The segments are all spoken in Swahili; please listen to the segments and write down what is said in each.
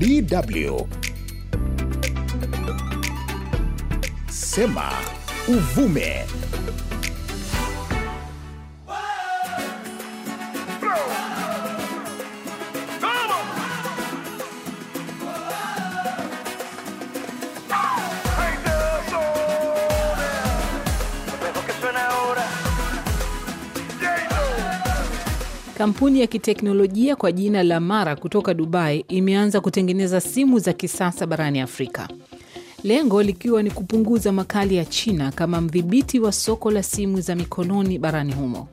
DW Sema Uvume. Kampuni ya kiteknolojia kwa jina la Mara kutoka Dubai imeanza kutengeneza simu za kisasa barani Afrika, lengo likiwa ni kupunguza makali ya China kama mdhibiti wa soko la simu za mikononi barani humo.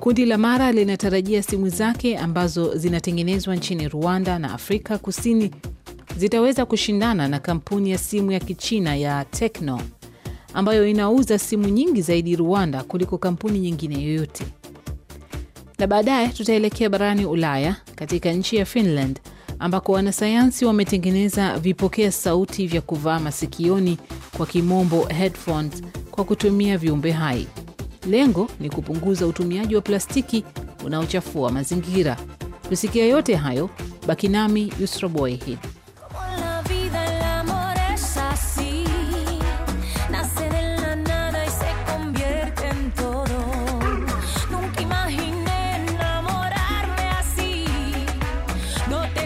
Kundi la Mara linatarajia simu zake ambazo zinatengenezwa nchini Rwanda na Afrika Kusini zitaweza kushindana na kampuni ya simu ya Kichina ya Tecno ambayo inauza simu nyingi zaidi Rwanda kuliko kampuni nyingine yoyote na baadaye tutaelekea barani Ulaya katika nchi ya Finland ambako wanasayansi wametengeneza vipokea sauti vya kuvaa masikioni kwa kimombo headphones kwa kutumia viumbe hai. Lengo ni kupunguza utumiaji wa plastiki unaochafua mazingira. Kusikia yote hayo, baki nami Yusra Boyhid.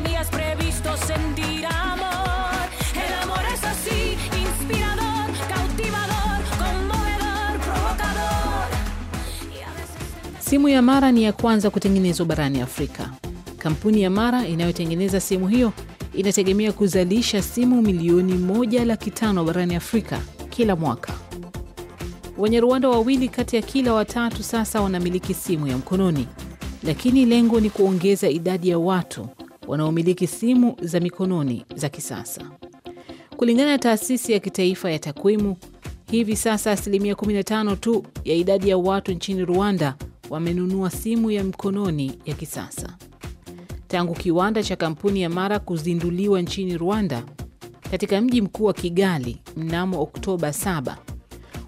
tenías previsto sentir amor. El amor es así, inspirador, cautivador, conmovedor, provocador. Simu ya Mara ni ya kwanza kutengenezwa barani Afrika. Kampuni ya Mara inayotengeneza simu hiyo inategemea kuzalisha simu milioni moja laki tano barani Afrika kila mwaka. Wanyarwanda wawili kati ya kila watatu sasa wanamiliki simu ya mkononi, lakini lengo ni kuongeza idadi ya watu wanaomiliki simu za mikononi za kisasa. Kulingana na taasisi ya kitaifa ya takwimu, hivi sasa asilimia 15 tu ya idadi ya watu nchini Rwanda wamenunua simu ya mkononi ya kisasa. Tangu kiwanda cha kampuni ya Mara kuzinduliwa nchini Rwanda katika mji mkuu wa Kigali mnamo Oktoba 7,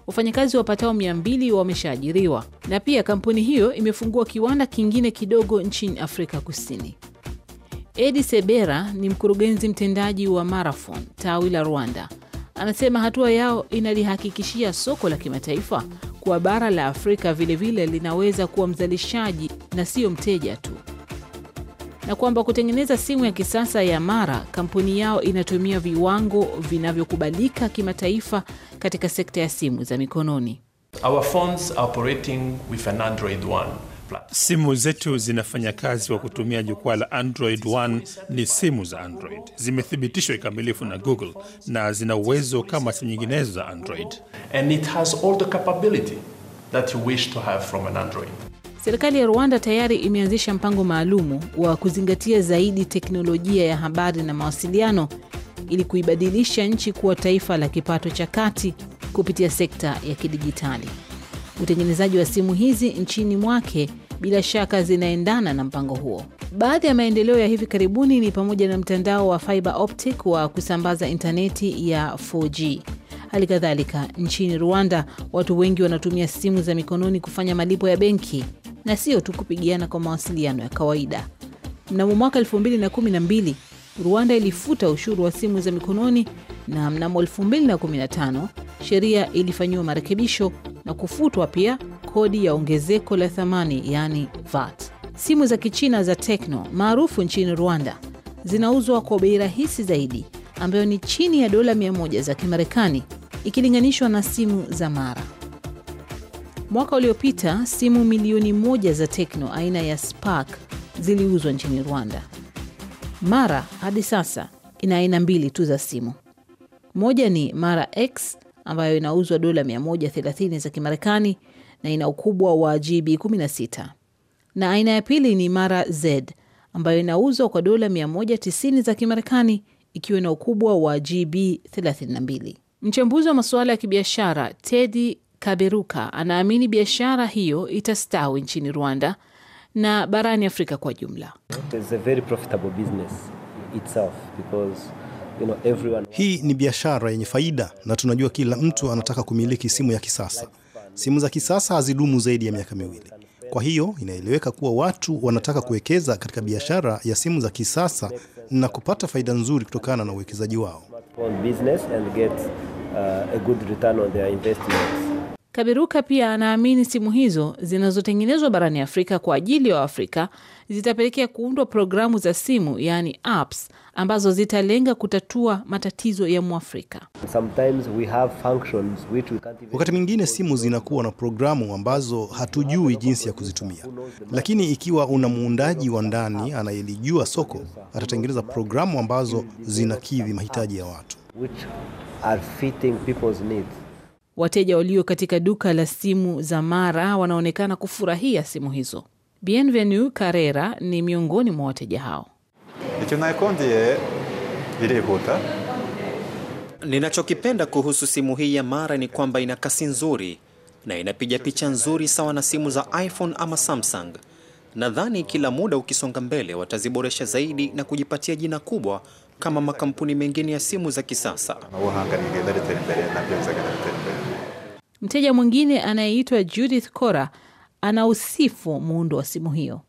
wafanyakazi wapatao 200 wameshaajiriwa na pia kampuni hiyo imefungua kiwanda kingine kidogo nchini Afrika Kusini. Edi Sebera ni mkurugenzi mtendaji wa Marathon tawi la Rwanda, anasema hatua yao inalihakikishia soko la kimataifa kuwa bara la Afrika vilevile vile linaweza kuwa mzalishaji na siyo mteja tu, na kwamba kutengeneza simu ya kisasa ya Mara, kampuni yao inatumia viwango vinavyokubalika kimataifa katika sekta ya simu za mikononi. Our phones are operating with an Android one. Simu zetu zinafanya kazi kwa kutumia jukwaa la Android One. Ni simu za Android, zimethibitishwa kikamilifu na Google na zina uwezo kama simu nyinginezo za Android. Serikali ya Rwanda tayari imeanzisha mpango maalumu wa kuzingatia zaidi teknolojia ya habari na mawasiliano ili kuibadilisha nchi kuwa taifa la kipato cha kati kupitia sekta ya kidijitali utengenezaji wa simu hizi nchini mwake bila shaka zinaendana na mpango huo. Baadhi ya maendeleo ya hivi karibuni ni pamoja na mtandao wa fiber optic wa kusambaza intaneti ya 4G. Hali kadhalika nchini Rwanda, watu wengi wanatumia simu za mikononi kufanya malipo ya benki na sio tu kupigiana kwa mawasiliano ya kawaida. Mnamo mwaka 2012 Rwanda ilifuta ushuru wa simu za mikononi na mnamo 2015 sheria ilifanyiwa marekebisho na kufutwa pia kodi ya ongezeko la thamani yaani VAT. Simu za Kichina za Tecno maarufu nchini Rwanda zinauzwa kwa bei rahisi zaidi ambayo ni chini ya dola 100 za Kimarekani ikilinganishwa na simu za Mara. Mwaka uliopita simu milioni moja za Tecno aina ya Spark ziliuzwa nchini Rwanda. Mara hadi sasa ina aina mbili tu za simu, moja ni Mara X ambayo inauzwa dola 130 za Kimarekani na ina ukubwa wa GB 16 na aina ya pili ni Mara Z ambayo inauzwa kwa dola 190 za Kimarekani ikiwa na ukubwa wa GB 32. Mchambuzi wa masuala ya kibiashara Tedi Kaberuka anaamini biashara hiyo itastawi nchini Rwanda na barani Afrika kwa jumla. It's a very profitable business itself because hii ni biashara yenye faida na tunajua kila mtu anataka kumiliki simu ya kisasa. Simu za kisasa hazidumu zaidi ya miaka miwili. Kwa hiyo inaeleweka kuwa watu wanataka kuwekeza katika biashara ya simu za kisasa na kupata faida nzuri kutokana na uwekezaji wao. Uh, kabiruka pia anaamini simu hizo zinazotengenezwa barani Afrika kwa ajili ya wa Waafrika zitapelekea kuundwa programu za simu, yaani apps, ambazo zitalenga kutatua matatizo ya Mwafrika. Wakati mwingine simu zinakuwa na programu ambazo hatujui jinsi ya kuzitumia, lakini ikiwa una muundaji wa ndani anayelijua soko, atatengeneza programu ambazo zinakidhi mahitaji ya watu. Wateja walio katika duka la simu za Mara wanaonekana kufurahia simu hizo. Bienvenu Karera ni miongoni mwa wateja hao. Ninachokipenda kuhusu simu hii ya Mara ni kwamba ina kasi nzuri na inapiga picha nzuri sawa na simu za iPhone ama Samsung. Nadhani kila muda ukisonga mbele wataziboresha zaidi na kujipatia jina kubwa kama makampuni mengine ya simu za kisasa. Mteja mwingine anayeitwa Judith cora anausifu muundo wa simu hiyo.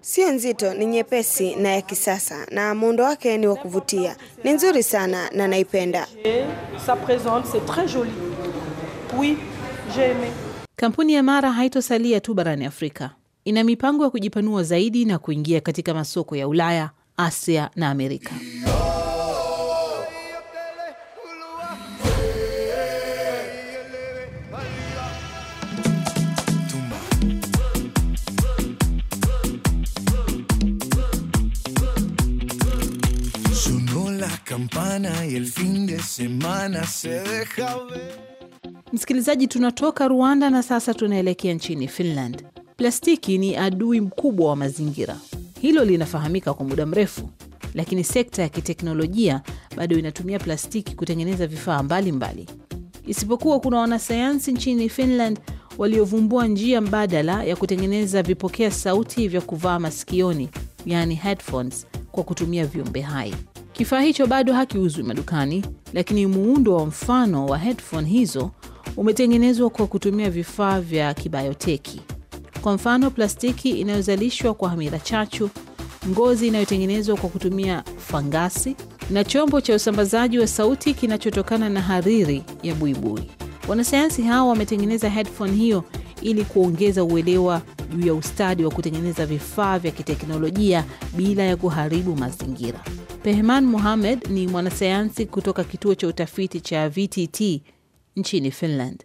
Sio nzito, ni nyepesi na ya kisasa, na muundo wake ni wa kuvutia. Ni nzuri sana na naipenda. Kampuni ya Mara haitosalia tu barani Afrika, ina mipango ya kujipanua zaidi na kuingia katika masoko ya Ulaya, Asia na Amerika. campana y el fin de semana se deja ver. Msikilizaji, tunatoka Rwanda na sasa tunaelekea nchini Finland. Plastiki ni adui mkubwa wa mazingira, hilo linafahamika kwa muda mrefu, lakini sekta ya kiteknolojia bado inatumia plastiki kutengeneza vifaa mbalimbali, isipokuwa kuna wanasayansi nchini Finland waliovumbua njia mbadala ya kutengeneza vipokea sauti vya kuvaa masikioni, yani headphones, kwa kutumia viumbe hai. Kifaa hicho bado hakiuzwi madukani, lakini muundo wa mfano wa headphone hizo umetengenezwa kwa kutumia vifaa vya kibayoteki, kwa mfano plastiki inayozalishwa kwa hamira chachu, ngozi inayotengenezwa kwa kutumia fangasi na chombo cha usambazaji wa sauti kinachotokana na hariri ya buibui. Wanasayansi hao wametengeneza headphone hiyo ili kuongeza uelewa juu ya ustadi wa kutengeneza vifaa vya kiteknolojia bila ya kuharibu mazingira. Pehman muhamed ni mwanasayansi kutoka kituo cha utafiti cha VTT nchini Finland.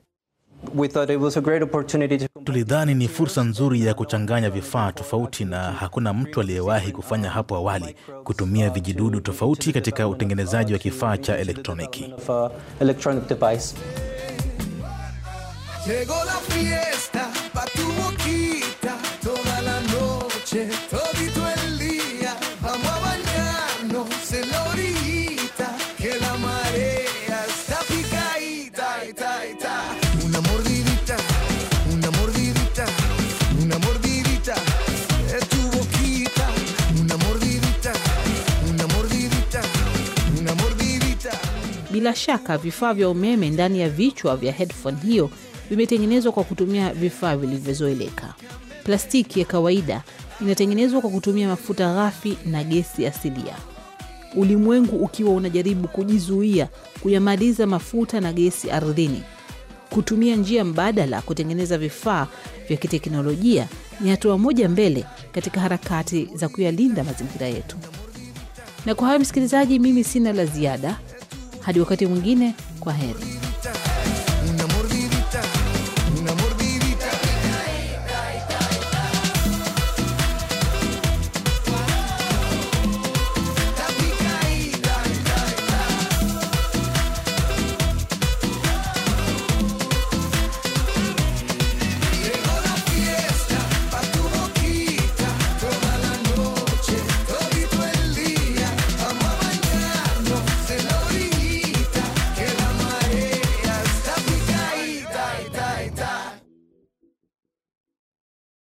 Tulidhani ni fursa nzuri ya kuchanganya vifaa tofauti na hakuna mtu aliyewahi kufanya hapo awali, kutumia vijidudu tofauti katika utengenezaji wa kifaa cha elektroniki. Uh, Bila shaka vifaa vya umeme ndani ya vichwa vya headphone hiyo vimetengenezwa kwa kutumia vifaa vilivyozoeleka. Plastiki ya kawaida inatengenezwa kwa kutumia mafuta ghafi na gesi asilia, ulimwengu ukiwa unajaribu kujizuia kuyamaliza mafuta na gesi ardhini. Kutumia njia mbadala kutengeneza vifaa vya kiteknolojia ni hatua moja mbele katika harakati za kuyalinda mazingira yetu. Na kwa hayo, msikilizaji, mimi sina la ziada. Hadi wakati mwingine, kwa heri.